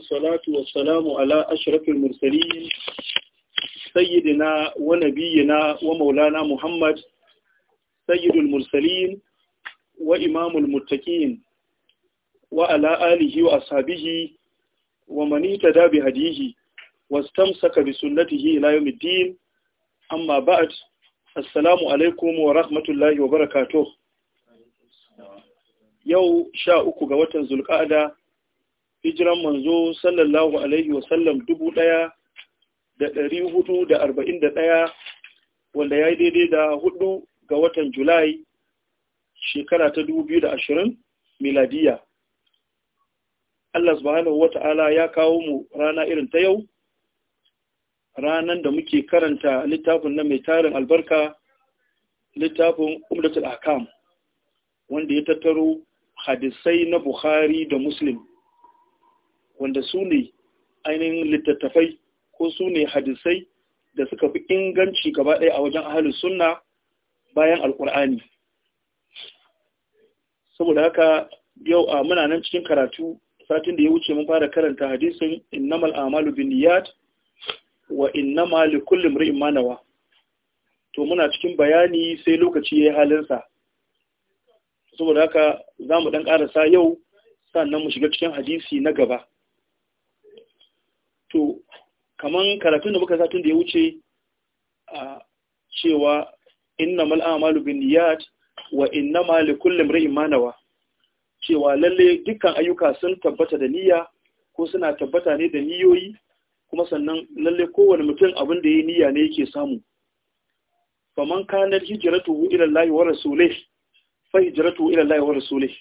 والصلاة والسلام على أشرف المرسلين سيدنا ونبينا ومولانا محمد سيد المرسلين وإمام المتكين وعلى آله وأصحابه ومن اتدى بهديه واستمسك بسنته إلى يوم الدين أما بعد السلام عليكم ورحمة الله وبركاته yau sha uku ga watan zulƙada hijiran manzo sallallahu alaihi wasallam dubu ɗaya da ɗari hudu da arba'in da ɗaya wanda ya yi daidai da hudu ga watan julai shekara ta dubu biyu da ashirin miladiya Allah subhanahu wa ta'ala ya kawo mu rana irin ta yau ranan da muke karanta littafin na mai tarin albarka littafin umdatul akam wanda ya tattaro hadisai na bukhari da muslim wanda su ne ainihin littattafai ko su ne hadisai da suka fi inganci gaba ɗaya a wajen ahalin sunna bayan Alƙur'ani. saboda haka yau a muna nan cikin karatu satin da ya wuce mun fara karanta hadisin innamal amalu niyat wa innama likulli imrin ma nawa to muna cikin bayani sai lokaci ya yi halinsa saboda haka zamu dan ƙarasa yau sannan mu shiga cikin hadisi na gaba to kaman karatun da muka satun da ya wuce a cewa innamal a'malu binniyat wa innama likulli imrin ma nawa cewa lalle dukkan ayyuka sun tabbata da niyya ko suna tabbata ne da niyoyi kuma sannan lalle kowane mutum abin da yayi niyya ne yake samu faman kanar hijratuhu ila Allah wa rasulih fa hijratuhu ila Allah wa rasulih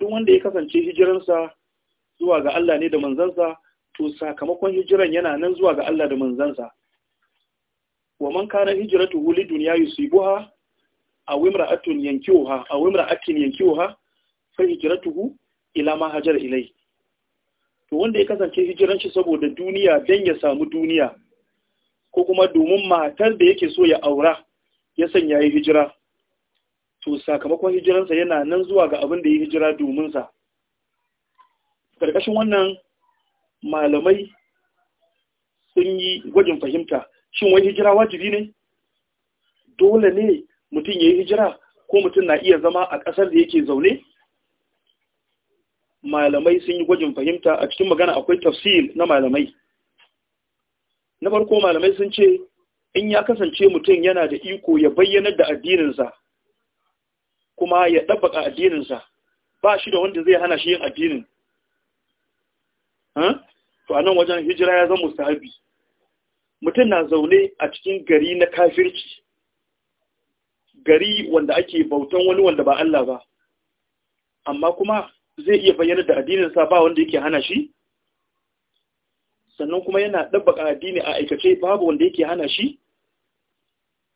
duk wanda ya kasance hijiransa zuwa ga Allah ne da manzansa to sakamakon hijiran yana nan zuwa ga Allah da manzansa wa man kana hijratu huli dunya yusibuha aw imra'atun yankiuha aw imra'atin yankiuha fa hijratuhu ila ma hajar ilai to wanda ya kasance hijiran shi saboda duniya dan ya samu duniya ko kuma domin matar da yake so ya aura ya sanya yi hijira to sakamakon hijiransa yana nan zuwa ga abin da ya hijira domin sa karkashin wannan malamai sun yi gwajin fahimta shin wani hijira wajibi ne dole ne mutum ya yi hijira ko mutum na iya zama a ƙasar da yake zaune malamai sun yi gwajin fahimta a cikin magana akwai tafsir na malamai na farko malamai sun ce in ya kasance mutum yana da iko ya bayyanar da addininsa kuma ya ɗabbaka addininsa ba shi da wanda zai hana shi yin addinin to a wajen hijira ya zama musahabi mutum na zaune a cikin gari na kafirci gari wanda ake bautan wani wanda ba Allah ba amma kuma zai iya bayyana da sa ba wanda yake hana shi sannan kuma yana ɗabbaka addini a aikace babu wanda yake hana shi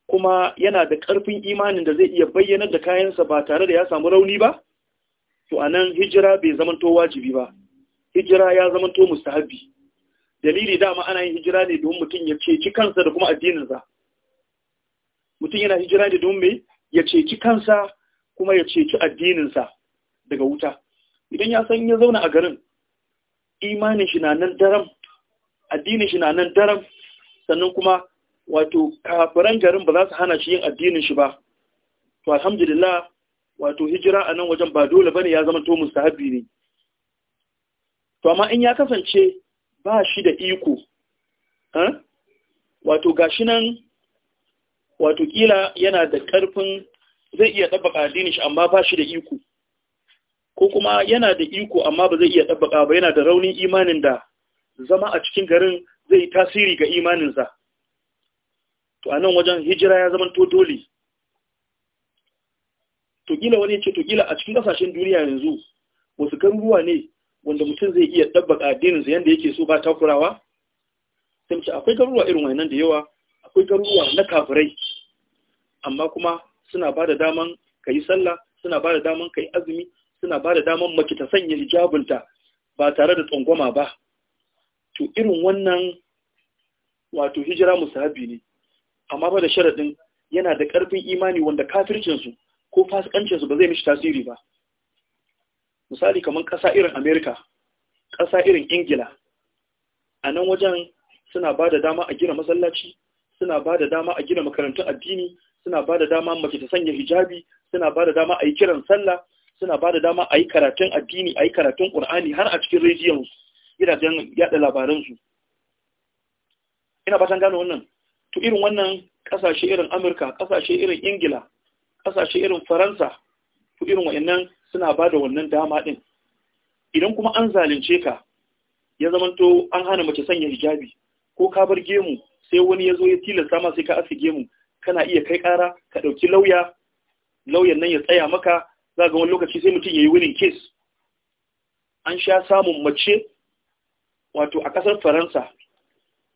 kuma yana da ƙarfin imanin da zai iya bayyana da kayansa ba tare da ya samu rauni ba to anan hijira bai zamanto wajibi ba hijira ya zama to mustahabi dalili dama ana yin hijira ne domin mutum ya ceci kansa da kuma addininsa mutum yana hijira ne domin ya ceci kansa kuma ya ceci addininsa daga wuta idan ya san ya zauna a garin imanin shi na nan daram addinin shi na nan daram sannan kuma wato kafiran garin ba za su hana shi yin addinin shi ba to alhamdulillah wato hijira a nan wajen ba dole bane ya zama to mustahabi ne to amma in ya kasance ba shi da iko eh, wato gashi nan wato kila yana da karfin zai iya tabbaka addini shi amma ba shi da iko ko kuma yana da iko amma ba zai iya ɗabaka ba yana da raunin imanin da zama a cikin garin zai yi tasiri ga imaninsa to a nan wajen hijira ya zama to dole to kila wani ce to kila a cikin kasashen duniya yanzu wasu garuruwa ne wanda mutum zai iya addinin addininsa yadda yake so ba takurawa sai mace akwai garuruwa irin wannan da yawa akwai garuruwa na kafirai amma kuma suna ba da daman ka yi sallah suna ba da daman ka yi azumi suna ba da daman mace ta sanya hijabinta ba tare da tsangwama ba to irin wannan wato hijira musahabi ne amma ba da sharaɗin yana da ƙarfin imani wanda kafircinsu ko fasikancinsu ba zai mishi tasiri ba misali kamar ƙasa irin amerika ƙasa irin ingila a nan wajen suna ba da dama a gina masallaci suna ba da dama a gina makarantun addini suna ba da dama mace ta sanya hijabi suna ba da dama a yi kiran sallah suna ba da dama a yi karatun addini a yi karatun ƙur'ani har a cikin rediyon gidajen yaɗa labaransu ina batan gano wannan to irin wannan ƙasashe irin amurka ƙasashe irin ingila ƙasashe irin faransa to irin wa'annan suna ba da wannan dama ɗin idan kuma an zalunce ka ya zamanto an hana mace sanya hijabi ko ka bar gemu sai wani ya zo ya tilasta ma sai ka aske gemu kana iya kai ƙara ka ɗauki lauya lauyan nan ya tsaya maka za ga wani lokaci sai mutum ya yi winning case an sha samun mace wato a ƙasar faransa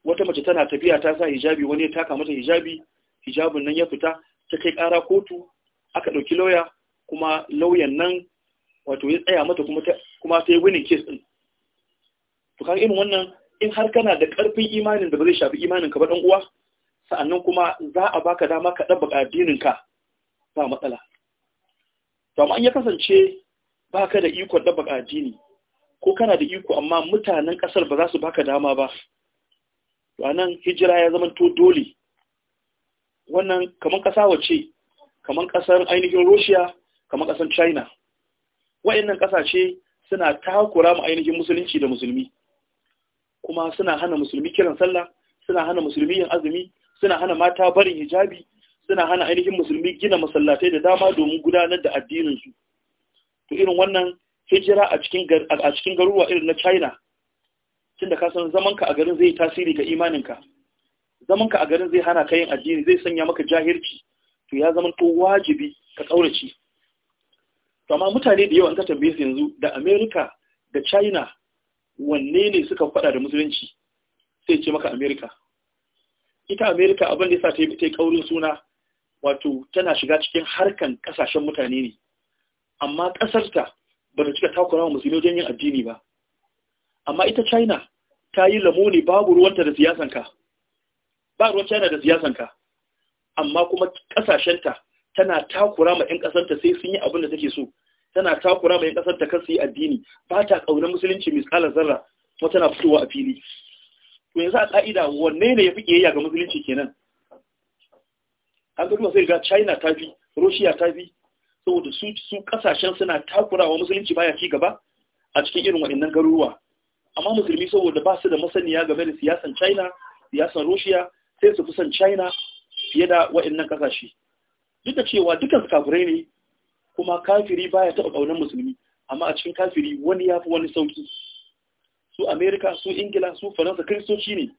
wata mace tana tafiya ta sa hijabi wani ya taka mata hijabi hijabin nan ya fita ta kai ƙara kotu aka ɗauki lauya kuma lauyan nan wato ya tsaya mata kuma kuma yi winning case ɗin. to irin wannan in har kana da karfin imanin da ba zai shafi imanin ka ba dan uwa sa'annan kuma za a baka dama ka dabba addinin ka ba matsala to amma an ya kasance baka da iko dabba addini ko kana da iko amma mutanen ƙasar ba za su baka dama ba to anan hijira ya zama to dole wannan kaman kasa wace kaman kasar ainihin Russia kamar ƙasar china wayannan ƙasashe suna takura mu ainihin musulunci da musulmi kuma suna hana musulmi kiran sallah suna hana musulmi yin azumi suna hana mata barin hijabi suna hana ainihin musulmi gina masallatai da dama domin gudanar da addininsu to irin wannan hijira a cikin garuruwa irin na china Tunda ka san zamanka a garin zai tasiri ga imaninka zamanka a garin zai hana ka yin addini zai sanya maka jahirci to ya zama to wajibi ka ƙaurace to amma mutane da yawa an ka tambaye yanzu da America da China wanne ne suka faɗa da musulunci sai ce maka Amerika? ita America abin da yasa ta yi kaurin suna wato tana shiga cikin harkan kasashen mutane ne amma kasarta ba ta cika takura wa musulmi wajen yin addini ba amma ita China ta yi ne babu ruwanta da siyasanka ba ruwan China da siyasanka amma kuma ta. tana takura ma 'yan ƙasarta sai sun yi abin da take so tana takura ma 'yan ƙasarta kan su yi addini ba ta ƙaunar musulunci misalar zarra kuma tana fitowa a fili to yanzu a ƙa'ida wanne ne ya fi ƙiyayya ga musulunci kenan an gaba sai ga china ta fi russia ta fi saboda su su ƙasashen suna wa musulunci baya ci gaba a cikin irin waɗannan garuruwa amma musulmi saboda ba su da masaniya game da siyasan china siyasan russia sai su fi son china fiye da waɗannan kasashe. duk da cewa dukkan su kafirai ne kuma kafiri baya taɓa ƙaunar musulmi amma a cikin kafiri wani ya fi wani sauki su amerika su ingila su faransa kristoci ne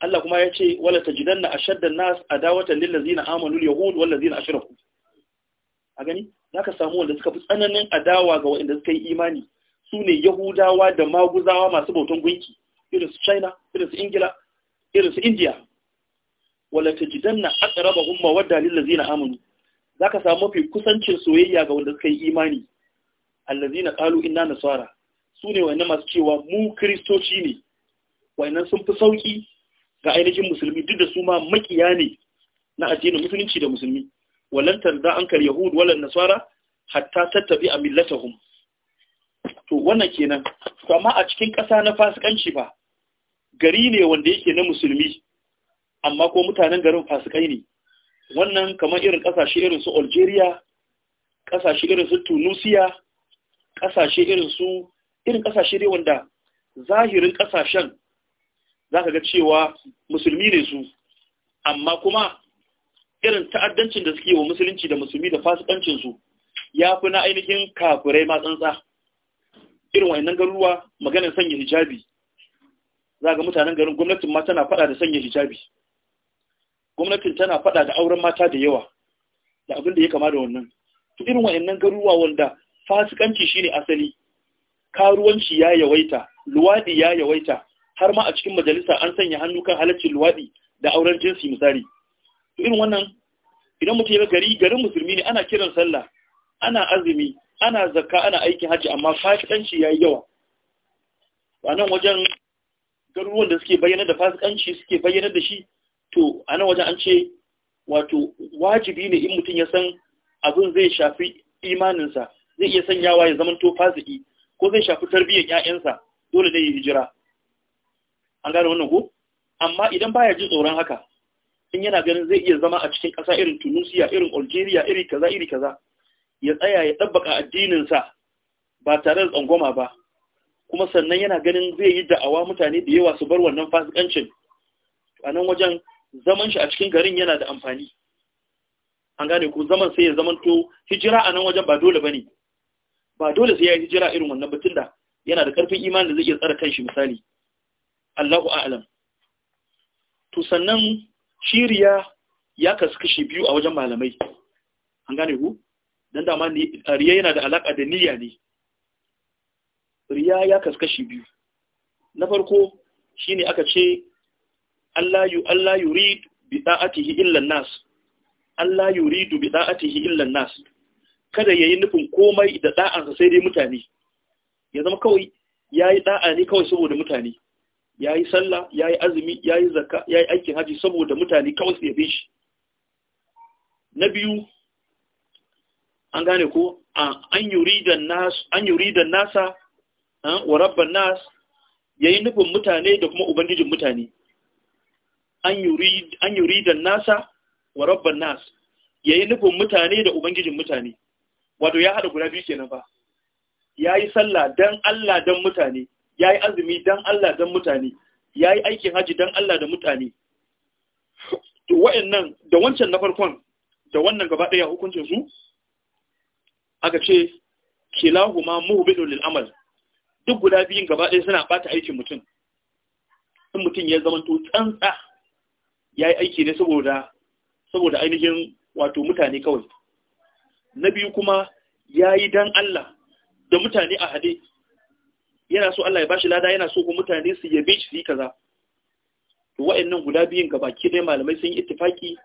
Allah kuma ya ce wala tajidanna ashaddan nas adawatan lil ladzina amanu yahud wal ladzina ashraku a gani zaka samu wanda suka fi tsananin adawa ga wanda suka yi imani Su ne yahudawa da maguzawa masu bautan gunki irin su china irin su ingila irin su india wala tajidanna aqrabahum mawadda lil ladzina amanu zaka samu mafi kusancin soyayya ga wanda suka yi imani allazina qalu inna nasara sune wayanna masu cewa mu kristoci ne wayannan sun fi sauki ga ainihin musulmi duk da su ma makiya ne na addinin musulunci da musulmi walan tarda kar yahud wala nasara hatta tattabi a millatahum to wannan kenan to amma a cikin ƙasa na fasikanci ba gari ne wanda yake na musulmi amma ko mutanen garin fasikai ne wannan kamar irin kasashe irin su algeria kasashe irin su tunisia kasashe irin su irin kasashe dai wanda zahirin kasashen za ga cewa musulmi ne su amma kuma irin ta'addancin da suke wa musulunci da musulmi da fasikancinsu ya fi na ainihin kafirai ma tsantsa irin wayannan garuruwa maganar sanya hijabi za ga mutanen garin gwamnatin ma tana fada da sanya hijabi gwamnatin tana faɗa da auren mata da yawa da abin da ya kama da wannan to irin wayannan garuruwa wanda fasikanci shine asali karuwanci ya yawaita luwadi ya yawaita har ma a cikin majalisa an sanya hannu kan halaccin luwadi da auren jinsi misali to irin wannan idan mutum ya gari garin musulmi ne ana kiran sallah ana azumi ana zakka ana aikin hajji amma fasikanci yi yawa wannan wajen garuruwan da suke bayyana da fasikanci suke bayyana da shi to a nan wajen an ce wato wajibi ne in mutum ya san abin zai shafi imaninsa zai iya sanyawa ya zama to fasiki ko zai shafi tarbiyyar ƴaƴansa dole ne ya hijira an gane wannan ko amma idan baya ji tsoron haka in yana ganin zai iya zama a cikin ƙasa irin Tunisia irin Algeria iri kaza iri kaza ya tsaya ya dabbaka addinin sa ba tare da tsangwama ba kuma sannan yana ganin zai yi da'awa mutane da yawa su bar wannan fasikancin a nan wajen zaman shi a cikin garin yana da amfani an gane ko zaman sai ya zamanto hijira a nan wajen ba dole ba ne ba dole sai ya yi hijira irin wannan batun da yana da ƙarfin imanin da zai iya tsara kanshi misali Allahu a'lam to sannan shiriya ya kasu kashi biyu a wajen malamai an gane ku dan dama riya yana da alaka da niyya ne riya ya kasu kashi biyu na farko shine aka ce Allah yu Allah yurid bi da'atihi illa nas Allah yuridu bi da'atihi illa nas kada yayi nufin komai da da'ansa sai dai mutane ya zama kawai yayi da'a ne kawai saboda mutane yayi sallah yayi azumi yayi zakka yayi aikin haji saboda mutane kawai su yabe shi na biyu an gane ko an yuridan nasa wa rabban nas ya yi nufin mutane da kuma ubangijin mutane an dan nasa wa rabban nas yayi nufin mutane da ubangijin mutane wato ya haɗa guda biyu ba fa yi sallah dan Allah dan mutane ya yi azumi dan Allah dan mutane ya yi aikin haji dan Allah da mutane to wayannan da wancan na farkon da wannan gaba ɗaya hukuncin su aka ce kilahuma muhbidu lil amal duk guda biyun gaba ɗaya suna bata aikin mutum in mutum ya zama to tsantsa ya yi aiki ne saboda saboda ainihin wato mutane kawai na biyu kuma ya yi dan Allah da mutane a haɗe yana so Allah ya bashi lada yana so ku mutane su yabe shi su yi kaza to wa'annan guda biyun baki na malamai sun yi ittifaki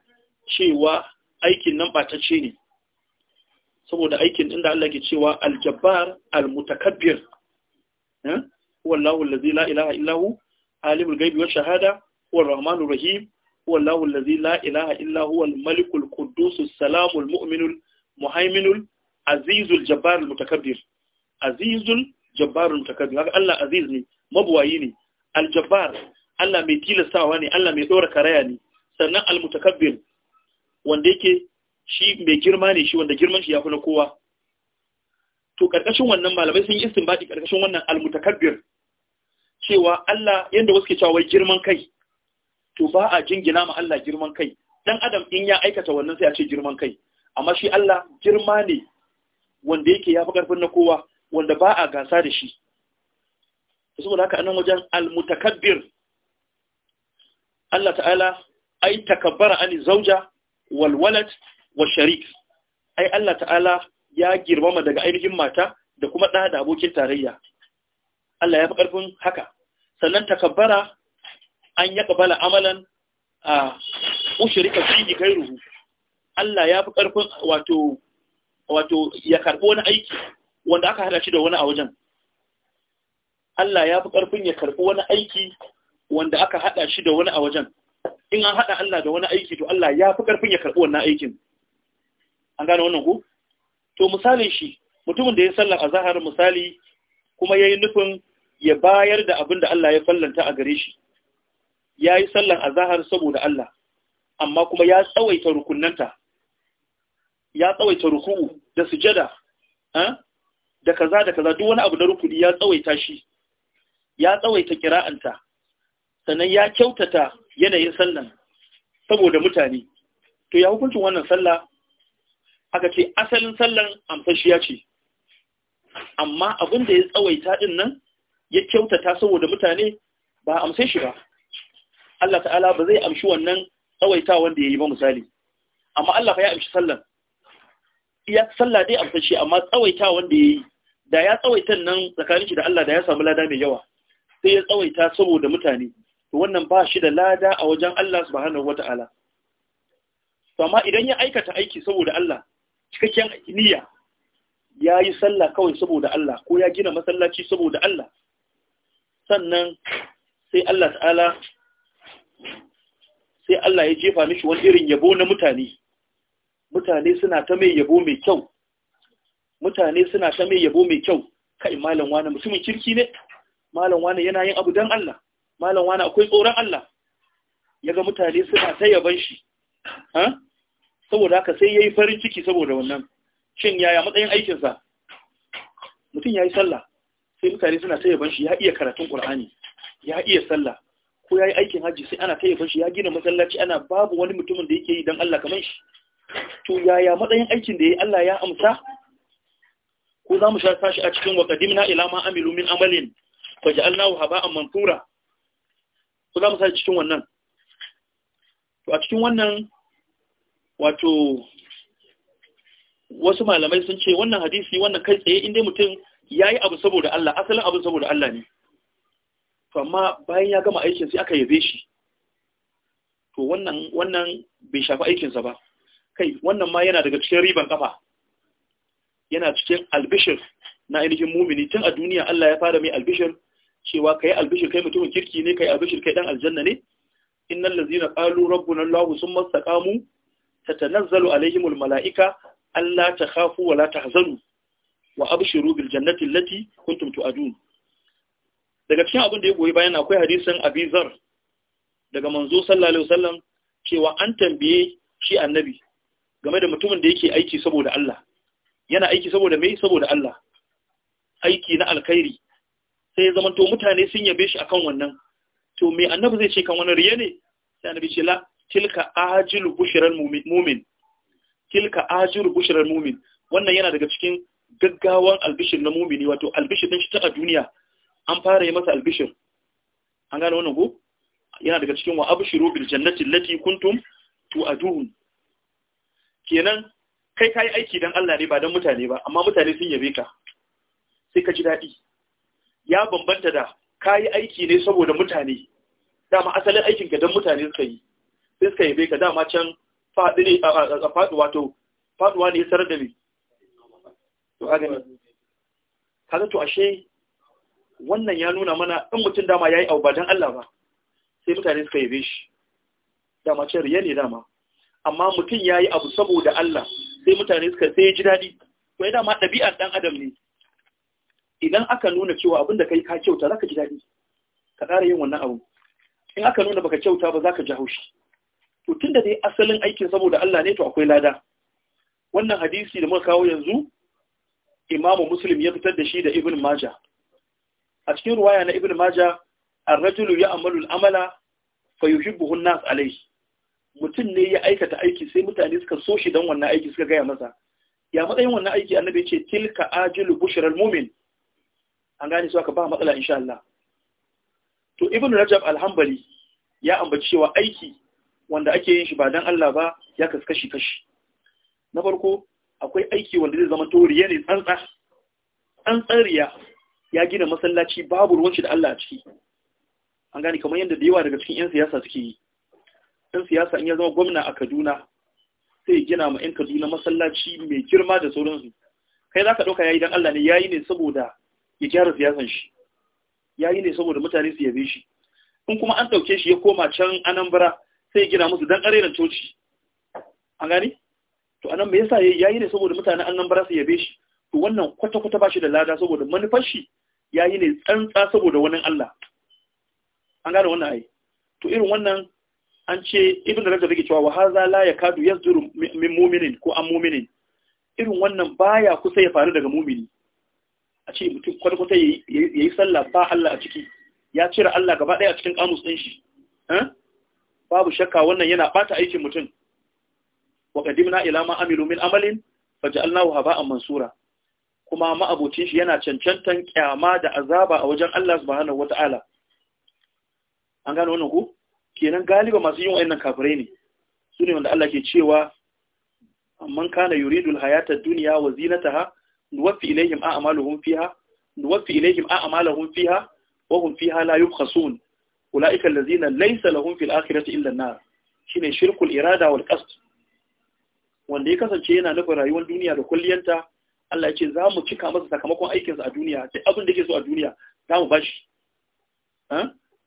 cewa aikin nan batace ne saboda aikin inda Allah ke cewa aljabbar almutakabbir eh? wallahu allazi la ilaha illahu alimul ghaibi wash shahada huwar rahmanur rahim wallahu allazi la ilaha illa huwa al-malikul quddusus salamul mu'minul muhaiminul azizul jabbarul mutakabbir azizul jabbarul mutakabbir haka Allah aziz ne mabuwayi ne al-jabbar Allah mai tilastawa ne Allah mai dora karaya ne sannan al-mutakabbir wanda yake shi mai girma ne shi wanda girman shi ya fi na kowa to karkashin wannan malamai sun yi istinbadi karkashin wannan al-mutakabbir cewa Allah yanda wasu ke cewa wai girman kai to ba a jingina ma Allah girman kai dan adam in ya aikata wannan sai a ce girman kai amma shi Allah girma ne wanda yake yafi karfin na kowa wanda ba a gasa da shi saboda haka anan wajen almutakabbir Allah ta'ala ai takabbara ani zauja wal walad wa sharik ai Allah ta'ala ya girmama daga ainihin mata da kuma da abokin tarayya Allah ya fi ƙarfin haka sannan takabbara an ya kabala amalan a ushirika kai ruhu. Allah ya fi karfin wato wato ya karbo wani aiki wanda aka hada shi da wani a wajen Allah ya fi karfin ya karbo wani aiki wanda aka hada shi da wani a wajen in an hada Allah da wani aiki to Allah ya fi karfin ya karbo wannan aikin an gane wannan ku to misalin shi mutumin da ya sallar azhar misali kuma yayin nufin ya bayar da abin da Allah ya fallanta a gare shi ya yi sallan azahar saboda Allah amma kuma ya tsawaita rukunanta ya tsawaita ruku'u da sujada eh, da kaza da kaza duk wani abu na rukuni ya tsawaita shi ya tsawaita kira'anta sannan ya kyautata yanayin sallan saboda mutane to ya hukuncin wannan sallah aka ce asalin sallan amfashiya ce amma abin da ya tsawaita din nan ya kyautata saboda mutane ba amsai shi ba Allah ta'ala ba zai amshi wannan tsawaita wanda ya yi ba misali amma Allah fa ya amshi sallan Ya salla dai amsa shi amma tsawaita wanda ya yi da ya tsawaitan nan tsakanin shi da Allah da ya samu lada mai yawa sai ya tsawaita saboda mutane to wannan ba shi da lada a wajen Allah subhanahu wata'ala to amma idan ya aikata aiki saboda Allah cikakken niyya ya yi sallah kawai saboda Allah ko ya gina masallaci saboda Allah sannan sai Allah ta'ala sai Allah ya jefa mishi wani irin yabo na mutane mutane suna ta mai yabo mai kyau mutane suna ta mai yabo mai kyau kai malam wani mutumin kirki ne malam wani yana yin abu don Allah malam wani akwai tsoron Allah Ya ga mutane suna ta yaban shi ha saboda haka sai yayi farin ciki saboda wannan shin yaya matsayin aikin sa mutum yayi sallah sai mutane suna ta yaban shi ya iya karatun Qur'ani ya iya sallah ko ya yi aikin hajji sai ana kayyafa shi ya gina masallaci ana babu wani mutumin da yake yi don Allah kamar shi to yaya matsayin aikin da ya yi Allah ya amsa ko za mu sha sashi a cikin wa qadimna ila ma amilu min amalin ja'alnahu haba'an mansura ko za mu sa cikin wannan to a cikin wannan wato wasu malamai sun ce wannan hadisi wannan kai tsaye inda mutum yayi abu saboda Allah asalin abu saboda Allah ne to amma bayan ya gama aikin sai aka yabe shi to wannan wannan bai shafi aikinsa ba kai wannan ma yana daga cikin riban kafa yana cikin albishir na ainihin mumini tun a duniya Allah ya fara mai albishir cewa kai albishir kai mutumin kirki ne kai albishir kai dan aljanna ne innal ladzina qalu rabbuna Allah summa istaqamu tatanazzalu alaihimul malaika alla takhafu wa la tahzanu wa abshiru bil jannati allati kuntum tu'adun daga cikin abin da ya goyi bayan akwai hadisin abizar daga manzo sallallahu alaihi wasallam cewa an tambaye shi annabi game da mutumin da yake aiki saboda Allah yana aiki saboda mai saboda Allah aiki na alkhairi sai ya zamanto mutane sun yabe shi akan wannan to me annabi zai ce kan wannan riye ne sai annabi ce la tilka ajilu bushran mu'min tilka ajilu bushran mu'min wannan yana daga cikin gaggawan albishir na mumini wato albishir din shi ta duniya an fara yi masa albishir an gane wannan ko yana daga cikin wa abshiru bil jannati lati kuntum tu'adun kenan kai kai aiki dan Allah ne ba dan mutane ba amma mutane sun yabe ka sai ka ji dadi ya bambanta da kai aiki ne saboda mutane dama asalin aikin ka dan mutane suka yi sai suka yabe ka dama can fadi ne a fadi wato faduwa ne sarar da ni to kaga to ashe wannan ya nuna mana in mutum dama ya yi abu ba don Allah ba sai mutane suka yi shi dama ce riya ne dama amma mutum ya yi abu saboda Allah sai mutane suka sai ji daɗi to dama ɗabi'ar ɗan adam ne idan aka nuna cewa abin da kai ka kyauta za ka ji daɗi ka ƙara yin wannan abu in aka nuna baka kyauta ba za ka ji haushi to tunda dai asalin aikin saboda Allah ne to akwai lada wannan hadisi da muka kawo yanzu imamu muslim ya fitar da shi da ibn majah a cikin ruwaya na ibn maja ar-rajulu ya'malu al-amala fa yuhibbuhu an-nas alayhi mutum ne ya aikata aiki sai mutane suka so shi dan wannan aiki suka gaya masa ya matsayin wannan aiki annabi ya ce tilka ajilu al mu'min an gane su aka ba matsala insha Allah to ibn rajab al-hanbali ya ambaci cewa aiki wanda ake yin shi ba dan Allah ba ya kaskashi kashi na farko akwai aiki wanda zai zama to ne tsantsa tsantsariya ya gina masallaci babu ruwan shi da Allah a ciki an gane kamar yadda da yawa daga cikin 'yan siyasa suke yi ɗan siyasa in ya zama gwamna a kaduna sai gina ma 'yan kaduna masallaci mai girma da sauransu kai za ka ɗauka ya yi don allah ne ya yi ne saboda ya gyara siyasan shi ya yi ne saboda mutane su yabe shi in kuma an ɗauke shi ya koma can anambra sai gina musu don ƙarerin coci an gane to anan me yasa ya yi ne saboda mutanen anambra su yabe shi to wannan kwata-kwata ba shi da lada saboda manufar shi ya yi ne tsantsa saboda wani Allah an gane wannan ai to irin wannan an ce ibn rajab yake cewa wa hadha la yakadu yasduru min mu'minin ko an mu'minin irin wannan baya kusa ya faru daga mu'mini a ce mutum kwata-kwata yayi sallah ba Allah a ciki ya cire Allah gaba ɗaya a cikin kamus ɗin shi eh? babu shakka wannan yana bata aikin mutum wa qadimna ila ma amilu min amalin faj'alnahu haba'an mansura kuma ma'abocin shi yana cancantan kyama da azaba a wajen Allah subhanahu wata'ala an gano wannan ku kenan galiba masu yin wayannan kafirai ne su ne wanda Allah ke cewa amman kana yuridul hayatad dunya wa zinataha nuwaffi ilayhim a'maluhum fiha nuwaffi ilayhim a'maluhum fiha wa hum fiha la yubkhasun ulaika allazina laysa lahum fil akhirati illa an-nar shine shirkul irada wal qasd wanda ya kasance yana nufin rayuwar duniya da kulliyanta Allah ya ce za mu cika masa sakamakon aikinsa a duniya sai abin da ke so a duniya za mu bashi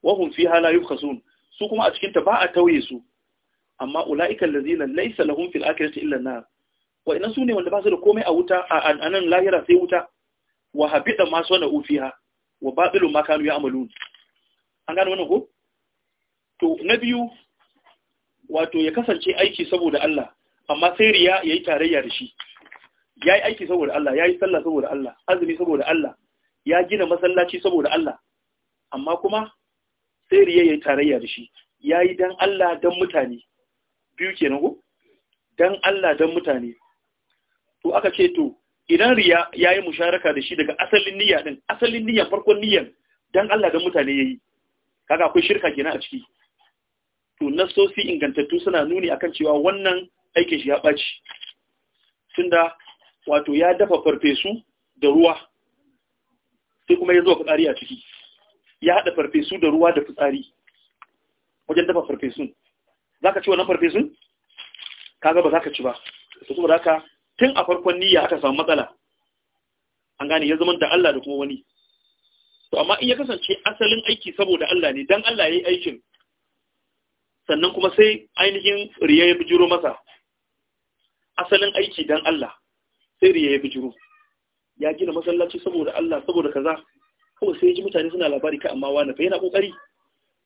wahum fi hala yubkhasun su kuma a cikin ta ba a tauye su amma ulaiikal ladzina laysa lahum fil akhirati illa nar wa inna sune wanda ba su da komai a wuta a anan lahira sai wuta wa habida ma sana ufiha wa batilu ma kanu ya'malun an gano wannan ko to na biyu wato ya kasance aiki saboda Allah amma sai riya yayi tarayya da shi ya yi aiki saboda Allah ya yi sallah saboda Allah azumi saboda Allah ya gina masallaci saboda Allah amma kuma sai riya ya yi tarayya da shi ya yi don Allah don mutane biyu kenan ko don Allah don mutane to aka ce to idan riya ya yi musharaka da shi daga asalin niyya din asalin niyya farkon niyyan don Allah don mutane ya yi kaga akwai shirka kenan a ciki to nasosi ingantattu suna nuni akan cewa wannan aikin shi ya ɓaci tunda wato ya dafa farfesu da ruwa sai kuma ya zo fitsari a ciki ya haɗa farfesu da ruwa da fitsari wajen dafa farfesun za ka ci wannan farfesun? kaga ba za ka ci ba su kuma za ka tun a farkon niyya aka samu matsala an gane ya zama da Allah da kuma wani to amma in ya kasance asalin aiki saboda Allah ne dan Allah ya yi aikin sannan kuma sai ainihin riya ya bijiro masa asalin aiki dan Allah sai riya ya bijiro ya gina masallaci saboda Allah saboda kaza kawai sai ji mutane suna labari ka amma wani fa yana kokari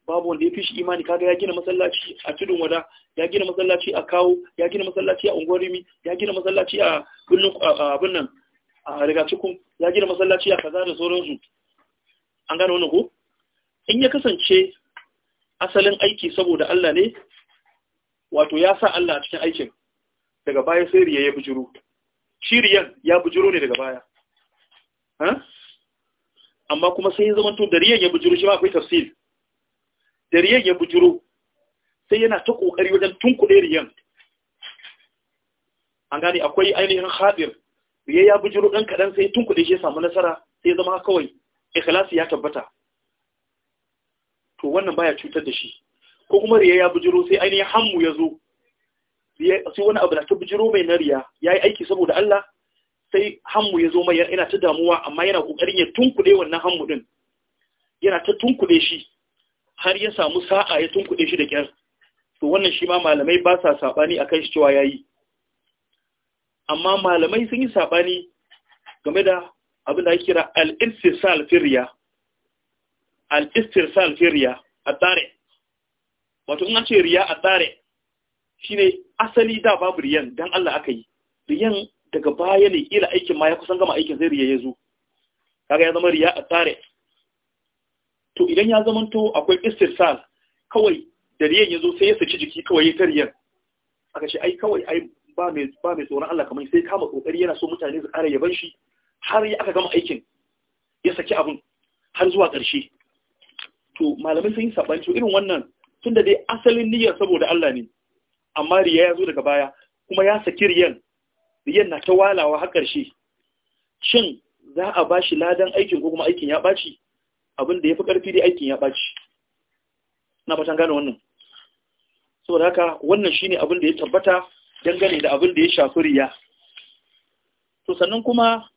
babu wanda ya fi shi imani kaga ya gina masallaci a tudun wada ya gina masallaci a kawo ya gina masallaci a unguwar rimi ya gina masallaci a birnin a nan a cikin, ya gina masallaci a kaza da sauransu an gane wani ko in ya kasance asalin aiki saboda Allah ne wato ya sa Allah a cikin aikin daga baya sai riya ya bijiro shiriyan ya bujiro ne daga baya amma kuma sai ya zama to dariyan ya bujiro shi ma akwai tafsir dariyan ya bujiro sai yana ta kokari wajen tunkuɗe riyan an gane akwai ainihin haɗir riyan ya bujiro ɗan kaɗan sai tunkuɗe shi ya samu nasara sai ya zama kawai ikhlasi ya tabbata to wannan baya cutar da shi ko kuma riyan ya bujiro sai ainihin hammu ya zo sai wani abu na ta bijiro mai nariya ya yi aiki saboda Allah sai hammu ya zo mai yana ta damuwa amma yana kokarin ya tunkuɗe wannan hammu ɗin yana ta tunkuɗe shi har ya samu sa'a ya tunkuɗe shi da kyar to wannan shi ma malamai ba sa saɓani a kan shi cewa ya yi amma malamai sun yi saɓani game da abin da ake kira al'istirsal firiya al'istirsal firiya a tsare wato in an ce riya a tsare shine asali da babu riyan dan Allah aka yi riyan daga baya ne ila aikin ma ya kusan gama aikin sai riya ya zo kaga ya zama riya a tsare to idan ya zama to akwai istirsal kawai da riyan ya zo sai ya saki jiki kawai ya tariyar aka ce ai kawai ai ba mai tsoron Allah kamar sai kama kokari yana so mutane su ƙara yaban shi har ya aka gama aikin ya saki abun har zuwa ƙarshe to malamai sun yi sabanci irin wannan tun da dai asalin niyyar saboda Allah ne amma riya ya zo daga baya kuma ya saki riyan riyan na ta walawa har ƙarshe shin za a ba shi ladan aikin ko kuma aikin ya ɓaci abin da ya fi ƙarfi da aikin ya ɓaci na fatan gane wannan saboda haka wannan shine abin da ya tabbata dangane da abin da ya shafi riya to sannan kuma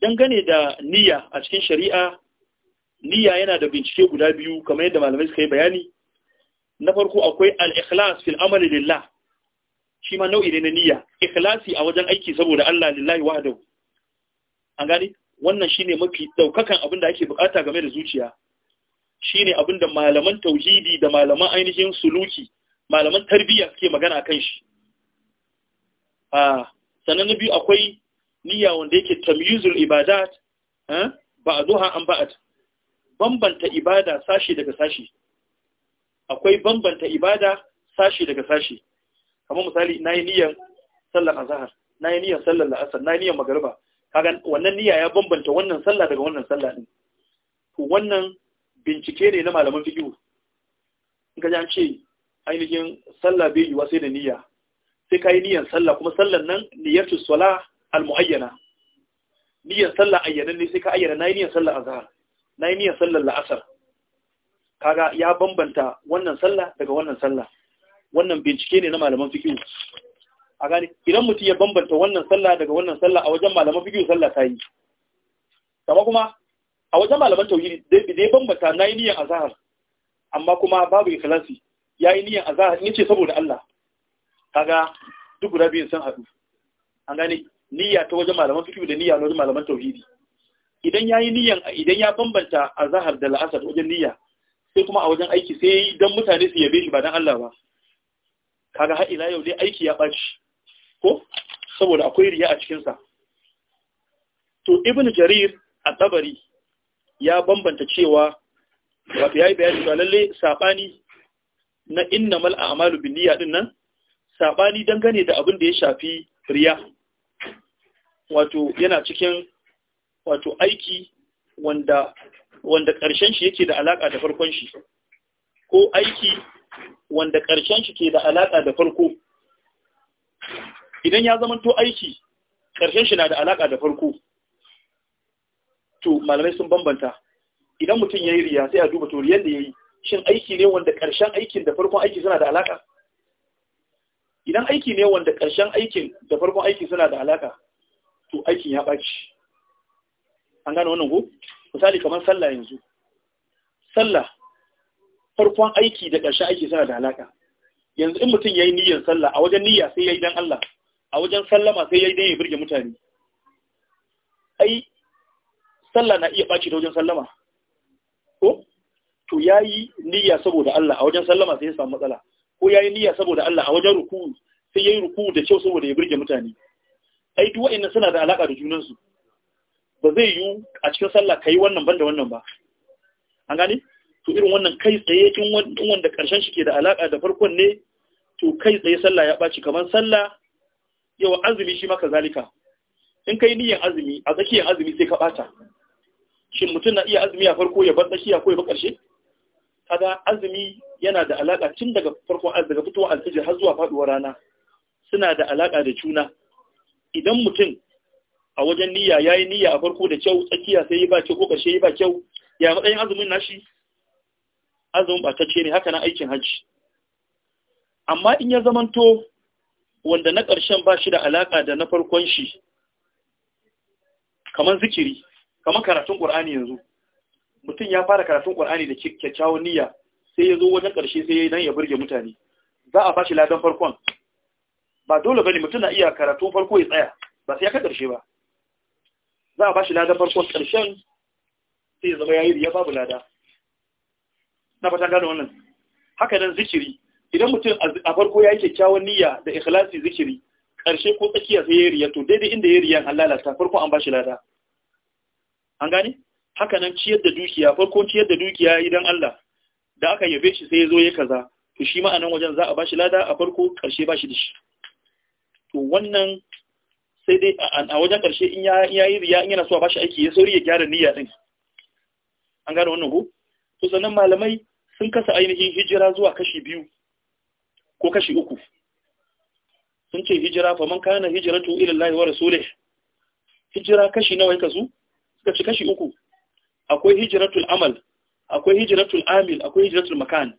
dangane da niyya a cikin shari'a niyya yana da bincike guda biyu kamar yadda malamai suka yi bayani na farko akwai al-ikhlas fil amali lillah shi ma nau'i ne na niyya ikhlasi a wajen aiki saboda Allah lillahi wahdahu an gani wannan shine mafi daukakan abin da ake bukata game da zuciya shine abin da malaman tauhidi da malaman ainihin suluki malaman tarbiyya suke magana akan shi a sanan biyu akwai niyya wanda yake tamyizul ibadat ba'duha an ba'd bambanta ibada sashi daga sashi akwai bambanta ibada sashi daga sashi kamar misali na yi niyan sallar azahar na yi niyan sallar la'asar na yi niyan magariba kaga wannan niyya ya bambanta wannan sallah daga wannan sallah din to wannan bincike ne na malaman fiqh in ka an ce ainihin sallah bai yiwa sai da niyya sai ka yi niyan sallah kuma sallar nan niyyatu sala al-muayyana niyyar sallah ayyana ne sai ka ayyana na yi niyyar sallah azhar na yi niyyar sallar la'asar kaga ya bambanta wannan sallah daga wannan sallah wannan bincike ne na malaman fikihu a gane idan mutum ya bambanta wannan sallah daga wannan sallah a wajen malaman fikihu sallah ta yi kama kuma a wajen malaman tauhidi dai ya bambanta na yi niyan azahar amma kuma babu ikhlasi ya yi niyan azahar in ce saboda Allah kaga duk guda biyun san hadu an gane niyya ta wajen malaman fikihu da niyya na wajen malaman tauhidi idan ya yi niyan idan ya bambanta azahar da la'asar wajen niyya sai kuma a wajen aiki sai don mutane su yabe shi ba dan Allah ba kaga har ila yau dai aiki ya baci ko saboda akwai riya a cikin sa to ibnu jarir a tabari ya bambanta cewa wato ya yi bayani cewa lalle saɓani na inna amalu bin din nan sabani dangane da abin da ya shafi riya wato yana cikin wato aiki wanda wanda ƙarshen shi yake da alaƙa da farkon shi ko aiki wanda ƙarshen shi ke da alaƙa da farko idan ya zama to aiki ƙarshen shi na da alaƙa da farko to malamai sun bambanta idan mutum ya yi riya sai a duba to riyar da ya yi shin aiki ne wanda ƙarshen aikin da farkon aiki suna da alaƙa idan aiki ne wanda ƙarshen aikin da farkon aiki suna da alaƙa to aikin ya ɓaci an gane wannan ko misali kamar sallah yanzu sallah farkon aiki da ƙarshen aiki suna da alaƙa. yanzu in mutum ya yi niyyar sallah a wajen niyya sai ya yi don Allah a wajen sallama sai ya yi don ya birge mutane ai sallah na iya ɓaci da wajen sallama ko to ya yi niyya saboda Allah a wajen sallama sai ya samu matsala ko ya yi niyya saboda Allah a wajen ruku'u sai ya yi ruku'u da kyau saboda ya birge mutane ai duk wa'annan suna da alaka da junansu ba zai yiwu a cikin sallah ka yi wannan ban da wannan ba an gani to irin wannan kai tsaye tun wanda ƙarshen shi ke da alaƙa da farkon ne to kai tsaye sallah ya ɓaci kamar sallah yawa azumi shi maka zalika in kai niyyar azumi a tsakiyar azumi sai ka ɓata shin mutum na iya azumi a farko ya bar tsakiya ko ya bar ƙarshe kaga azumi yana da alaƙa tun daga farkon daga fitowar alfijir har zuwa faɗuwar rana suna da alaƙa da juna idan mutum a wajen niyya yayi niyya a farko da kyau tsakiya sai ya ba kyau ko ƙarshe ya ba kyau ya matsayin azumin nashi azumin batacce ne haka na aikin hajji amma in ya zamanto wanda na ƙarshen ba shi da alaƙa da na farkon shi kamar zikiri kamar karatun ƙur'ani yanzu mutum ya fara karatun ƙur'ani da kyakkyawan niyya sai ya zo wajen ƙarshe sai ya dan ya burge mutane za a ba shi ladan farkon ba dole bane mutum na iya karatun farko ya tsaya ba sai ya ka ƙarshe ba za a ba shi ladan farkon ƙarshen sai ya zama yayi ya babu lada na ta gano wannan haka nan zikiri idan mutum a farko ya yi kyakkyawan niyya da ikhlasi zikiri ƙarshe ko tsakiya sai ya riya to daidai inda ya riya an lalata farko an bashi lada an gane haka nan ciyar da dukiya farko ciyar da dukiya idan Allah da aka yabe shi sai ya zo ya kaza to shi ma'anan wajen za a bashi lada a farko ƙarshe bashi da shi to wannan sai dai a wajen ƙarshe in ya yi riya in yana so a bashi aiki ya sauri ya gyara niyya din an gane wannan ko to sannan malamai sun kasa ainihin hijira zuwa kashi biyu ko kashi uku sun ce hijira fa man kana hijratu ila Allah wa rasulih hijira kashi nawa yake su suka ce kashi uku akwai hijratul amal akwai hijratul amil akwai hijratul makan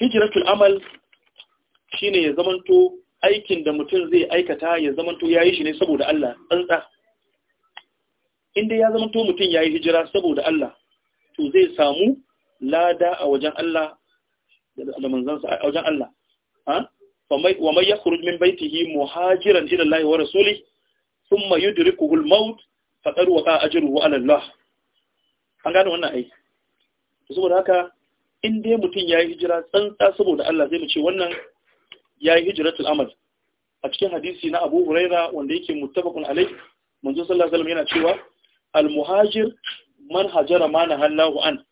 hijratul amal shine ya zamanto aikin da mutum zai aikata ya zamanto yayi shi ne saboda Allah tsantsa inda ya zamanto mutum yayi hijira saboda Allah to zai samu lada a wajen Allah da manzansa a wajen Allah wa mai yakhruj min baitihi muhajiran ila Allah wa rasuli thumma yudrikuhu al-maut faɗar waqa ajruhu ala Allah an gano wannan ai saboda haka inda mutum ya yi hijira tsantsa saboda Allah zai mace wannan, ya yi hijratul amal a cikin hadisi na Abu Huraira wanda yake muttafaqun alai manzo sallallahu alaihi yana cewa al-muhajir man hajara ma nahallahu an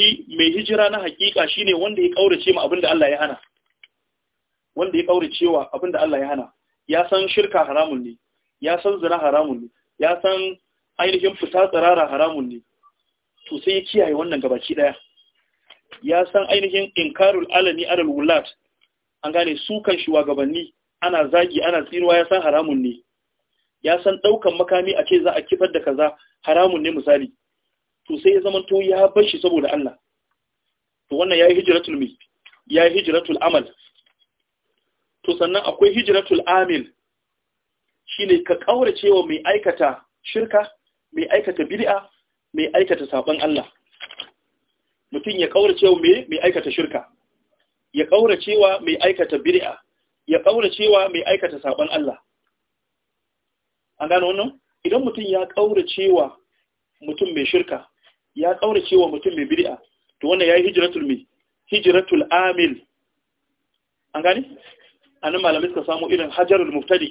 shi mai hijira na hakika shine wanda ya kaurace ma abinda Allah ya hana wanda ya kaurace wa abinda Allah ya hana ya san shirka haramun ne ya san zina haramun ne ya san ainihin fita tsirara haramun ne to sai ya kiyaye wannan gabaki daya ya san ainihin inkarul alani Aral wulat an gane su kan shugabanni ana zagi ana tsinuwa ya san haramun ne ya san daukan makami a ce za a kifar da kaza haramun ne misali to sai ya zamanto ya bar shi saboda Allah to wannan yayi hijratul mi yayi hijratul amal to sannan akwai hijratul amil shine ka cewa mai aikata shirka mai aikata bid'a mai aikata saban Allah mutum ya kauracewa mai mai aikata shirka ya cewa mai aikata bid'a ya cewa mai aikata saban Allah an gano wannan idan mutum ya cewa mutum mai shirka ya kaurace wa mutum mai bid'a to wannan yayi hijratul mi hijratul amil an gani annan malamai suka samu irin hajarul muftadi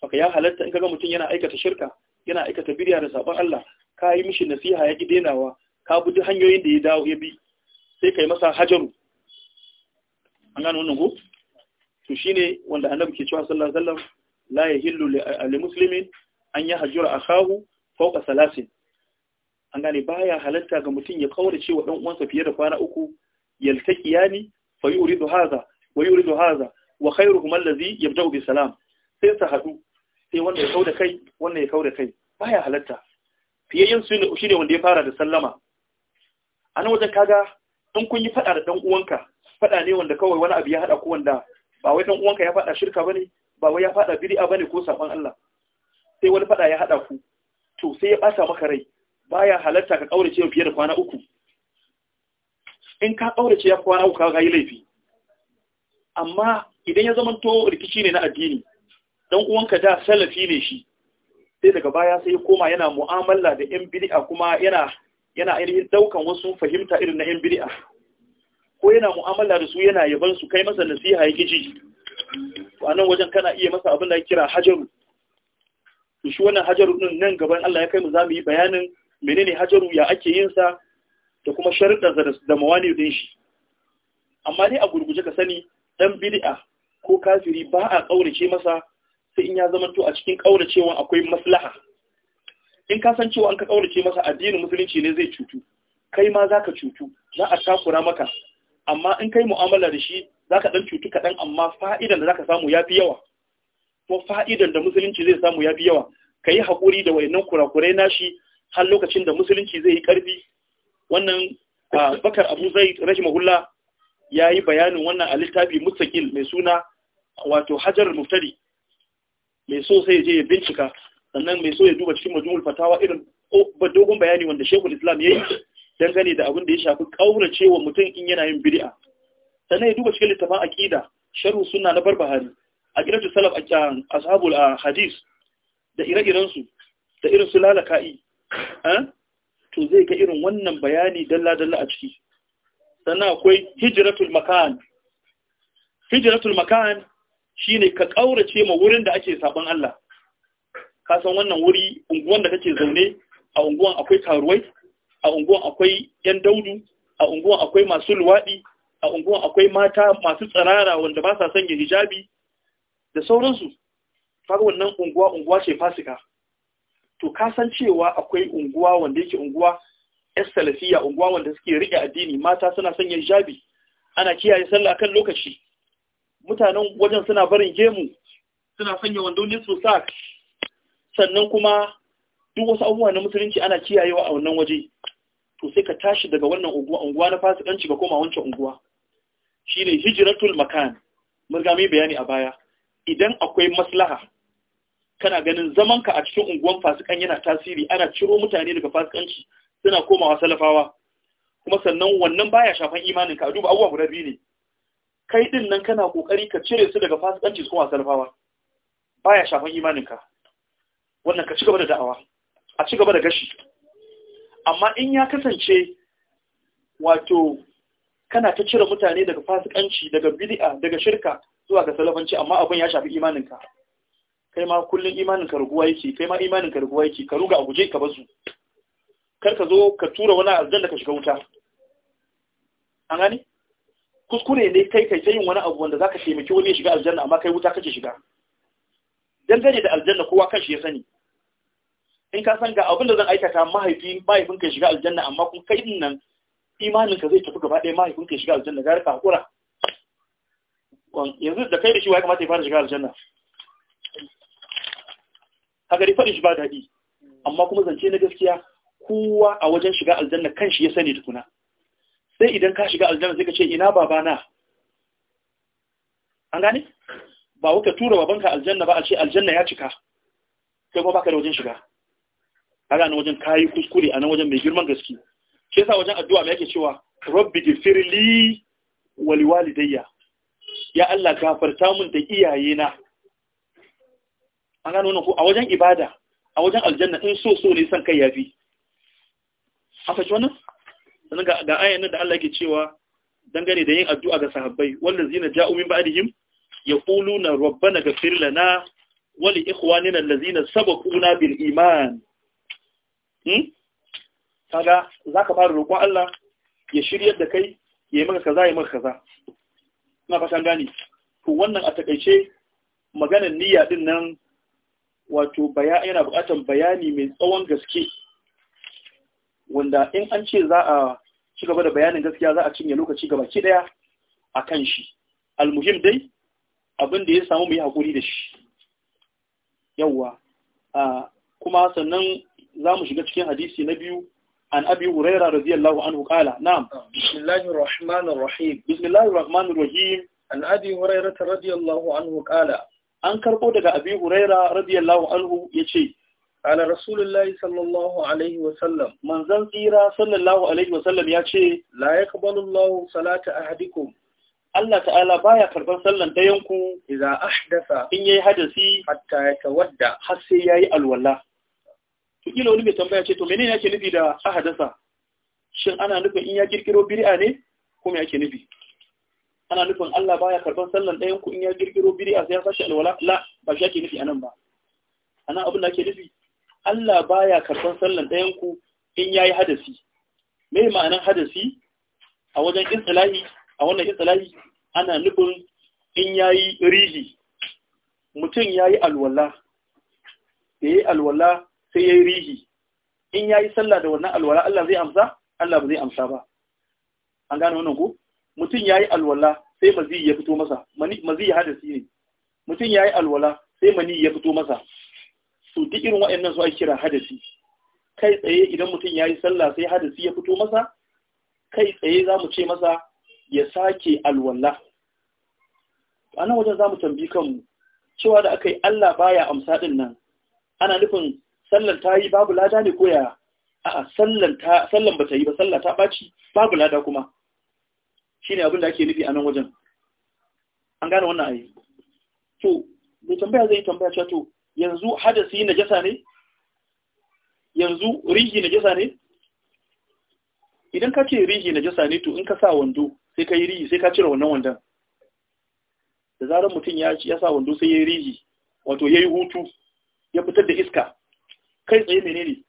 saka ya halatta in kaga mutum yana aikata shirka yana aikata bid'a da sabon Allah ka yi mishi nasiha ya ki denawa ka bi hanyoyin da ya dawo ya bi sai kai masa hajaru an gani wannan ko to shine wanda annabi ke cewa sallallahu alaihi wasallam la yahillu li muslimin an yahjura akahu fawqa salasin an gane baya halatta ga mutum ya kaurace cewa dan uwansa fiye da kwana uku yaltaqiyani fa yuridu hadha wa yuridu hadha wa khayruhum allazi yabda'u bi salam sai su hadu sai wanda ya kauda kai wanda ya kauda kai baya halatta Fiye-fiye su shi ne wanda ya fara da sallama An wajen kaga in kun yi fada da dan uwanka fada ne wanda kawai wani abu ya hada ku wanda ba wai dan uwanka ya fada shirka bane ba wai ya fada bid'a bane ko sabon Allah sai wani fada ya hada ku to sai ya bata maka rai baya halatta ka kaurace fiye da kwana uku in ka kaurace ya kwana uku ka yi laifi amma idan ya zamanto rikici ne na addini dan uwanka da salafi ne shi sai daga baya sai koma yana mu'amala da yan bid'a kuma yana yana irin daukan wasu fahimta irin na yan bid'a ko yana mu'amala da su yana yaban su kai masa nasiha ya kiji to anan wajen kana iya masa abin da kira hajaru to shi wannan hajaru din nan gaban Allah ya kai mu zamu yi bayanin menene hajaru ya ake yin sa da kuma sharuɗansa da mawani din shi amma dai a gurguje ka sani dan bid'a ko kafiri ba a kaurace masa sai in ya zama to a cikin kauracewa akwai maslaha in ka san cewa an ka kaurace masa addinin musulunci ne zai cutu kai ma zaka cutu za a takura maka amma in kai mu'amala da shi zaka dan cutu kaɗan amma fa'idan da zaka samu yafi yawa ko fa'idan da musulunci zai samu ya fi yawa ka yi haƙuri da wayannan kurakurai nashi har lokacin da musulunci zai yi karfi wannan bakar abu zai Mahula ya yi bayanin wannan a littafi mustaqil mai suna wato hajar muftari mai so sai je ya bincika sannan mai so ya duba cikin majumul fatawa irin dogon bayani wanda shekul islam ya yi dangane da abin da ya shafi cewa mutum in yana yin bid'a sannan ya duba cikin littafin aƙida sharhu suna na bar barbahari gidan salaf ashabul hadis da ire-iren da irin su lalaka'i Eh? to zai ga irin wannan bayani dalla-dalla a ciki sannan akwai hijiratul makan hijiratul makan shine ka ƙaurace ma wurin da ake saban Allah ka san wannan wuri unguwan da kake zaune a unguwan akwai karuwai a unguwan akwai yan daudu a unguwan akwai masu luwadi a unguwan akwai mata masu tsarara wanda ba sa sanya hijabi da sauransu kaga wannan unguwa unguwa ce fasika to kasan cewa akwai unguwa wanda yake unguwa salafiya unguwa wanda suke riƙe addini mata suna sanya jabi ana kiyaye sallah kan lokaci mutanen wajen suna barin gemu suna sanya wando ne sannan kuma duk wasu abubuwa na musulunci ana kiyayewa a wannan waje to sai ka tashi daga wannan unguwa na fasikanci ba koma wancan unguwa shine hijratul makan mun ga bayani a baya idan akwai maslaha kana ganin zamanka a cikin unguwan fasikan yana tasiri ana ciro mutane daga fasikanci suna komawa salafawa kuma sannan wannan baya shafan imanin ka duba abubuwa guda biyu ne kai din nan kana kokari ka cire su daga fasikanci su koma salafawa baya shafan imanin ka wannan ka ci gaba da da'awa a ci gaba da gashi amma in ya kasance wato kana ta cire mutane daga fasikanci daga bid'a daga shirka zuwa ga salafanci amma abin ya shafi imanin ka kai ma kullum imanin ka ruguwa yake kai ma imanin ka ruguwa yake ka ruga a guje ka bazu kar ka zo ka tura wani azan da ka shiga wuta an gani kuskure ne kai kai yin wani abu wanda zaka taimaki wani ya shiga aljanna amma kai wuta kake shiga Dan dangane da aljanna kowa kanshi ya sani in ka san ga abin da zan aikata mahaifi mahaifin ka shiga aljanna amma kun kai din nan imanin ka zai tafi gaba ɗaya mahaifin ka shiga aljanna ga ka hakura yanzu da kai da shi wa ya kamata ya fara shiga aljanna a gari faɗin shi ba daɗi amma kuma zance na gaskiya kowa a wajen shiga aljanna kan shi ya sani tukuna sai idan ka shiga aljanna sai ka ce ina babana an gane ba wuka tura babanka aljanna ba a ce aljanna ya cika kai kuma baka da wajen shiga a ranar wajen kayi kuskure a nan wajen mai girman gaske shi yasa wajen addu'a mai yake cewa rabbi gifirli wali walidayya ya Allah gafarta mun da iyayena an gano nan ko a wajen ibada a wajen aljanna in so so ne san kai yafi an fashi wannan sannan ga ga nan da Allah yake cewa dangane da yin addu'a ga sahabbai wallazina ja'u min ba'dihim yaquluna rabbana ghfir lana wa li ikhwanina allazina sabaquna bil iman hmm kaga zaka fara roƙon Allah ya shiryar da kai ya yi maka kaza ya yi maka kaza ina fatan gani to wannan a takaice maganar niyya din nan wato yana bukatan bayani mai tsawon gaske wanda in an ce za a ci gaba da bayanin gaskiya za a cinye lokaci gaba ki daya a kan shi almuhim dai abin da ya samu mai haƙuri da shi yawwa kuma sannan za mu shiga cikin hadisi na biyu an abi huraira radiyallahu anhu kala na'am bismillahir rahmanir rahim bismillahir rahmanir rahim an abi hurairah radiyallahu anhu qala an karbo daga abi huraira radiyallahu anhu yace ala rasulullahi sallallahu alaihi wa sallam manzon tsira sallallahu alaihi wa sallam yace la yaqbalu Allahu salata ahadikum Allah ta'ala baya karban sallan dayan ku idza hadasa in yayi hadasi hatta yatawadda har sai yayi alwala to kila wani mai tambaya ce to menene yake nufi da ahdasa shin ana nufin in ya kirkiro biri'a ne ko me yake nufi ana nufin Allah baya karban sallan ɗayan ku in ya girgiro a sai ya sashi alwala la ba shi ake nufi anan ba Ana abin da ake nufi Allah baya karban sallan ɗayan ku in yayi hadasi me ma'anan hadasi a wajen istilahi a wannan istilahi ana nufin in yayi rihi mutum yayi alwala yayi alwala sai yayi rihi in yayi sallah da wannan alwala Allah zai amsa Allah ba zai amsa ba an gane wannan ko mutum ya yi alwala sai mazi ya fito masa mazi ya hadasi ne mutum ya yi alwala sai mani ya fito masa su duk irin waɗannan su ake kira hadasi kai tsaye idan mutum ya yi sallah sai hadasi ya fito masa kai tsaye za mu ce masa ya sake alwala a nan wajen za mu tambi kanmu cewa da aka yi Allah baya amsa ɗin nan ana nufin sallar ta yi babu lada ne ko a'a sallar ba ta yi ba sallah ta ɓaci babu lada kuma ne abin da ake nufi a nan wajen an gane wannan ayi to mai tambaya zai tambaya cewa to yanzu hadasi na jasa ne yanzu rigi na jasa ne idan ka ce na jasa ne to in ka sa wando sai ka yi rigi sai ka cire wannan wandon da zarar mutum ya sa wando sai ya yi rigi wato ya yi hutu ya fitar da iska kai tsaye menene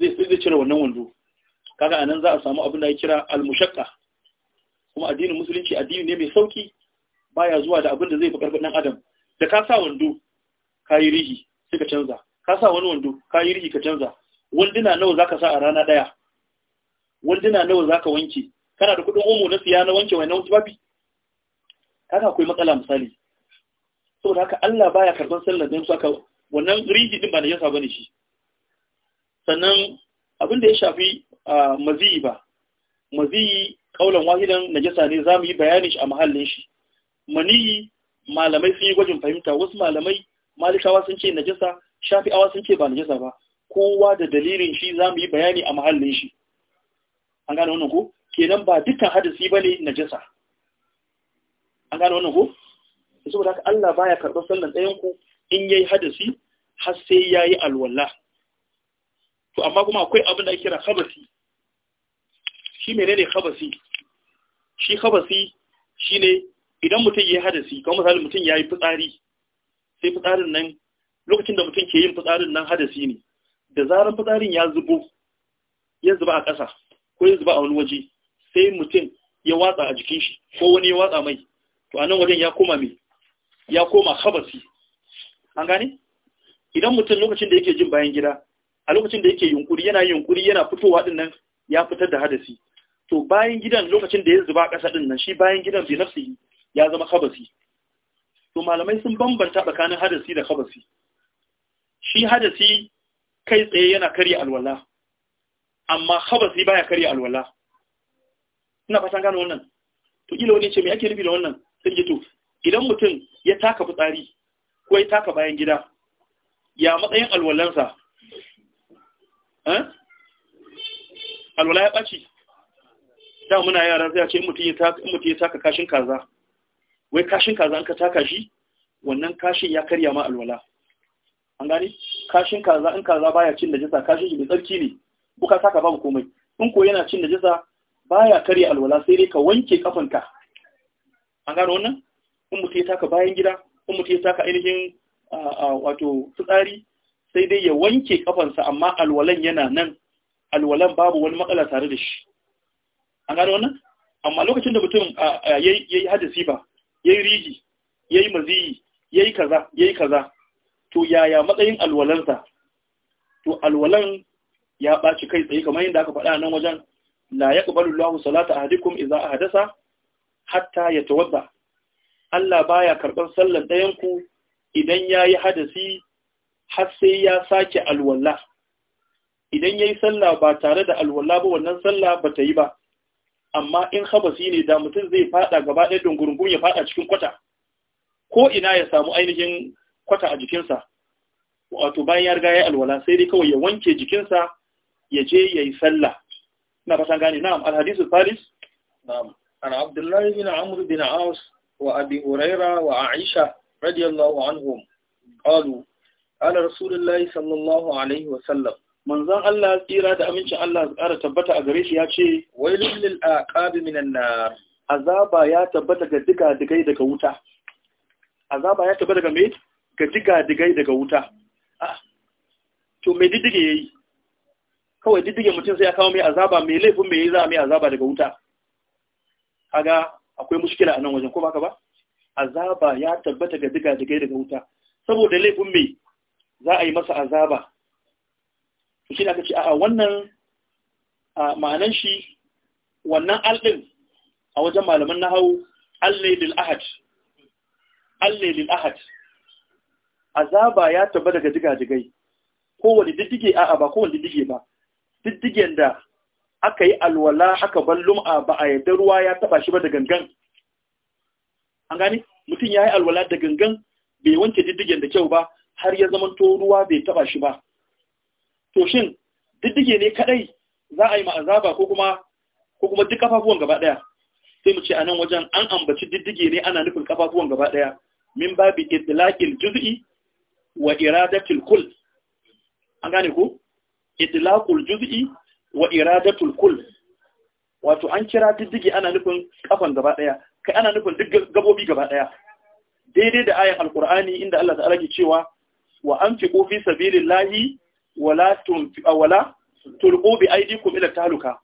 zai zai cire wannan wando kaga anan za a samu abin da ya kira almushakka kuma addinin musulunci addini ne mai sauki baya zuwa da abin da zai fi karfin dan adam da ka sa wando ka yi rihi sai ka canza ka sa wani wando ka yi rihi ka canza wanduna nawa zaka sa a rana daya wanduna nawa zaka wanke kana da kudin omo na siya na wanke wannan Ka kaga akwai matsala misali saboda haka Allah baya karban sallar dan saka wannan rihi din ba na yasa bane shi sannan abin da ya shafi ah, maziyi ba maziyi kaulan wahidan najasa ne za mu yi bayani shi a mahallin shi maniyi malamai sun yi gwajin fahimta wasu malamai malikawa sun ce najasa shafi'awa sun ce ba najasa ba kowa da dalilin shi za mu yi bayani a mahallin shi an gane wannan ko kenan ba dukkan hadisi bane najasa an gane wannan ko saboda haka Allah baya karɓar sallan ɗayan ku in yayi hadisi har sai yayi alwala to amma kuma akwai abin da ake kira khabasi shi menene khabasi shi khabasi shine idan mutum yayi hadasi kamar misali mutum yayi fitsari sai fitsarin nan lokacin da mutum ke yin fitsarin nan hadasi ne da zaran fitsarin ya zubo ya zuba a ƙasa ko ya zuba a wani waje sai mutum ya watsa a jikin shi ko wani ya watsa mai to a nan wajen ya koma mai ya koma habasi an gane idan mutum lokacin da yake jin bayan gida a lokacin da yake yunkuri yana yunkuri yana fitowa din nan ya fitar da hadasi to bayan gidan lokacin da ya zuba ƙasa ɗin nan shi bayan gidan bi nafsi ya zama khabasi to malamai sun bambanta tsakanin hadasi da khabasi shi hadasi kai tsaye yana karya alwala amma khabasi baya karya alwala ina fatan gano wannan to kila wani ce me ake nufi da wannan sai to idan mutum ya taka fitsari ko ya taka bayan gida ya matsayin alwalansa eh? alwala ya ɓaci da muna yara zai ce ce mutum ya taka kashin kaza wai kashin kaza an ka taka shi wannan kashin ya karya ma alwala an gani kashin kaza in kaza baya cin najasa kashin shi mai tsarki ne ko ka taka babu komai in ko yana cin najasa baya karya alwala sai dai ka wanke kafanka an gano wannan in mutum ya taka bayan gida in mutum ya taka ainihin wato fitsari sai dai ya wanke kafansa amma alwalan yana nan alwalan babu wani matsala tare da shi an gano wannan amma lokacin da mutum ya yi hadisi ba ya yi riji ya yi maziyi ya yi kaza ya yi kaza to yaya matsayin alwalansa to alwalan ya ɓaci kai tsaye kamar yadda aka faɗa nan wajen la ya ƙubalu lahu salata ahadikum idza ahdasa hatta ya tawadda Allah baya karɓar sallar ɗayanku idan ya yi hadasi har sai ya sake alwala idan ya yi sallah ba tare da alwala ba wannan sallah ba ta yi ba amma in habasi ne da mutum zai fada gaba ɗaya dungurungun ya fada cikin kwata ko ina ya samu ainihin kwata a jikinsa wato bayan ya riga ya alwala sai dai kawai ya wanke jikinsa ya je ya yi sallah ina fatan gane na'am alhadisul falis na'am ana abdullahi bin amr bin aus wa abi huraira wa aisha radiyallahu anhum qalu قال رسول الله صلى الله عليه وسلم manzon Allah tsira da amincin Allah ya ƙara tabbata a gare shi ya ce wailul lil aqabi minan nar azaba ya tabbata ga diga digai daga wuta azaba ya tabbata ga me ga diga digai daga wuta to me didige yayi kawai didige mutum sai ya kawo mai azaba mai laifin mai yi za a mai azaba daga wuta kaga akwai mushkila a nan wajen ko baka ba azaba ya tabbata ga diga digai daga wuta saboda laifin mai za a yi masa azaba shi aka ce a wannan ma'anan shi wannan alɗin a wajen malaman na hau allelil ahad allelil ahad azaba ya taba daga jigajigai wani diddige a'a ba wani diddige ba diddigen da aka yi alwala aka ballum a ba a yadda ruwa ya taba shi ba da gangan an gani mutum ya yi alwala da gangan bai wanke diddigen da kyau ba har ya to ruwa bai taba shi ba to shin diddige ne kadai za a yi ma'azaba ko kuma ko kuma duk kafafuwan gaba daya sai mu ce a nan wajen an ambaci diddige ne ana nufin kafafuwan gaba daya min babi itlaqil juz'i wa iradatul kull an gane ko itlaqul juz'i wa iradatul kull wato an kira diddige ana nufin kafan gaba daya kai ana nufin duk gabobi gaba daya daidai da ayan alqur'ani inda Allah ta'ala ke cewa wa anfiqu fi sabilillahi wala tunfi ah, wala tulqu bi aydikum ila tahluka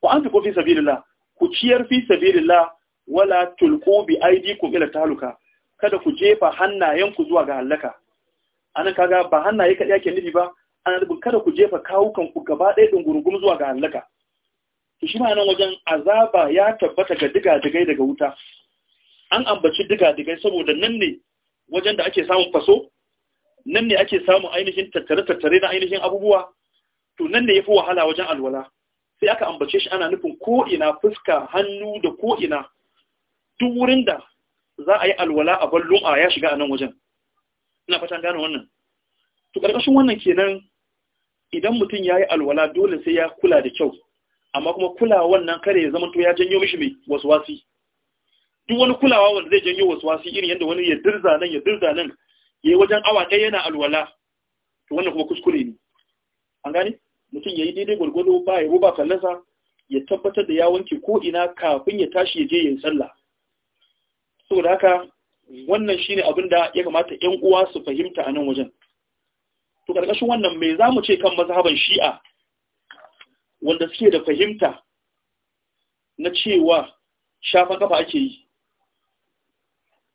ku anfiqu fi sabilillah ku ciyar fi sabilillah wala tulqu bi aydikum ila tahluka kada ku jefa hannayenku zuwa ga halaka anan kaga ba hannaye kadai yake nufi ba ana nufin kada ku jefa kawukan ku gaba ɗaya dungurugum zuwa ga halaka to shi ma wajen azaba ya tabbata ga diga-digai daga wuta an ambaci diga-digai saboda nan ne wajen da ake samun faso nan ne ake samun ainihin tattare-tattare na ainihin abubuwa to nan ne ya fi wahala wajen alwala sai aka ambace shi ana nufin ko'ina fuska hannu da ko'ina duk wurin da za a yi alwala a ballon a ya shiga a nan wajen ina fatan gano wannan to ƙarƙashin wannan kenan idan mutum ya yi alwala dole sai ya kula da kyau amma kuma kulawa wannan kare ya zama to ya janyo mishi mai waswasi duk wani kulawa wanda zai janyo wasu irin yadda wani ya dirza nan ya dirza nan yayi wajen awa ɗaya yana alwala to wannan kuma kuskure ne an gane mutum ya yi daidai gwargwado ba ya ruba fallasa ya tabbatar da ya wanke ko ina kafin ya tashi ya je ya yi sallah saboda haka wannan shine abin da ya kamata 'yan uwa su fahimta a nan wajen to karkashin wannan me za mu ce kan mazhaban shi'a wanda suke da fahimta na cewa shafan kafa ake yi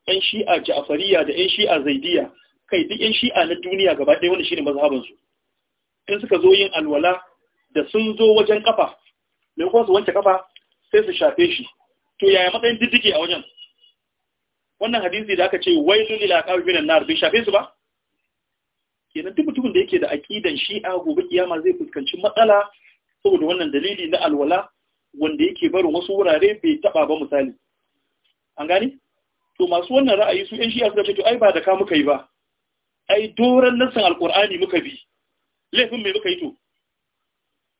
yan shi'a ja'fariya da yan shi'a zaidiya kai duk yan shi'a na duniya gaba ɗaya wanda shi ne mazhabansu in suka zo yin alwala da sun zo wajen kafa mai kuma su wanke kafa sai su shafe shi to yaya matsayin diddike a wajen wannan hadisi da aka ce wai sun ila kawo bin nar bai shafe su ba kenan duk mutumin da yake da aqidan shi'a gobe kiyama zai fuskanci matsala saboda wannan dalili na alwala wanda yake barin wasu wurare bai taba ba misali an gani to masu wannan ra'ayi su yan shi'a suka ce to ai ba da ka muka yi ba ai doran nassan alqur'ani muka bi laifin me muka yi to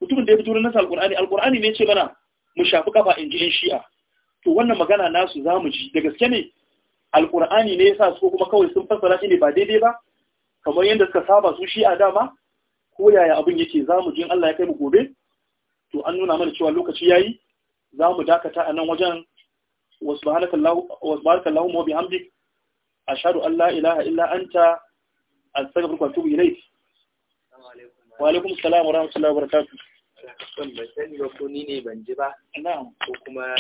mutumin da ya bi doran nassan alqur'ani alqur'ani ne ce mana mu shafi kafa in ji yan shi'a to wannan magana nasu za mu ji da gaske ne alqur'ani ne yasa su kuma kawai sun fassara shi ne ba daidai ba kamar yadda suka saba su shi'a dama ko yaya abin yake za mu ji in Allah ya kai mu gobe to an nuna mana cewa lokaci yayi za mu dakata a nan wajen wa subhanaka allahumma wa bihamdik ashhadu an la ilaha illa anta astaghfiruka wa atubu ilayk wa alaikum assalam wa ban sani ba ko ni ne ban ji ba ko kuma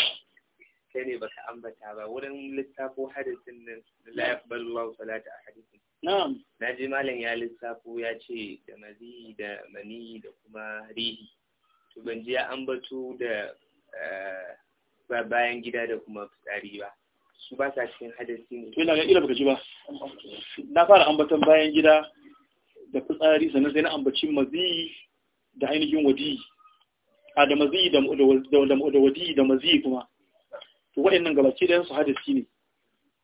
kai ne baka ambata ba wurin littafo hadisin nan la yaqbalu Allahu salata hadisin. na'am naji malam ya littafo ya ce da mazi da mani da kuma rihi to ban ji ya ambato da eh, ba bayan gida da kuma fitsari ba su ba sa cikin hadasi ne to ina ga ila baka ji ba na fara ambaton bayan gida da fitsari sannan sai na ambaci mazi da ainihin wadi a da mazi da da wadi da mazi kuma to waɗannan gabaci ɗayan su hadasi ne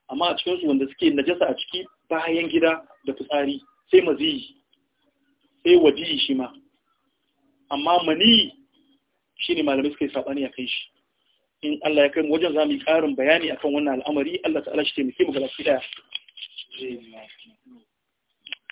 amma a cikin su wanda suke najasa a ciki bayan gida da fitsari sai mazi sai wadi shi ma amma mani shine malamai suka yi sabani a kai shi in Allah ya kai mu wajen zamu yi ƙarin bayani akan wannan al'amari Allah ta'ala shi taimake mu ga baki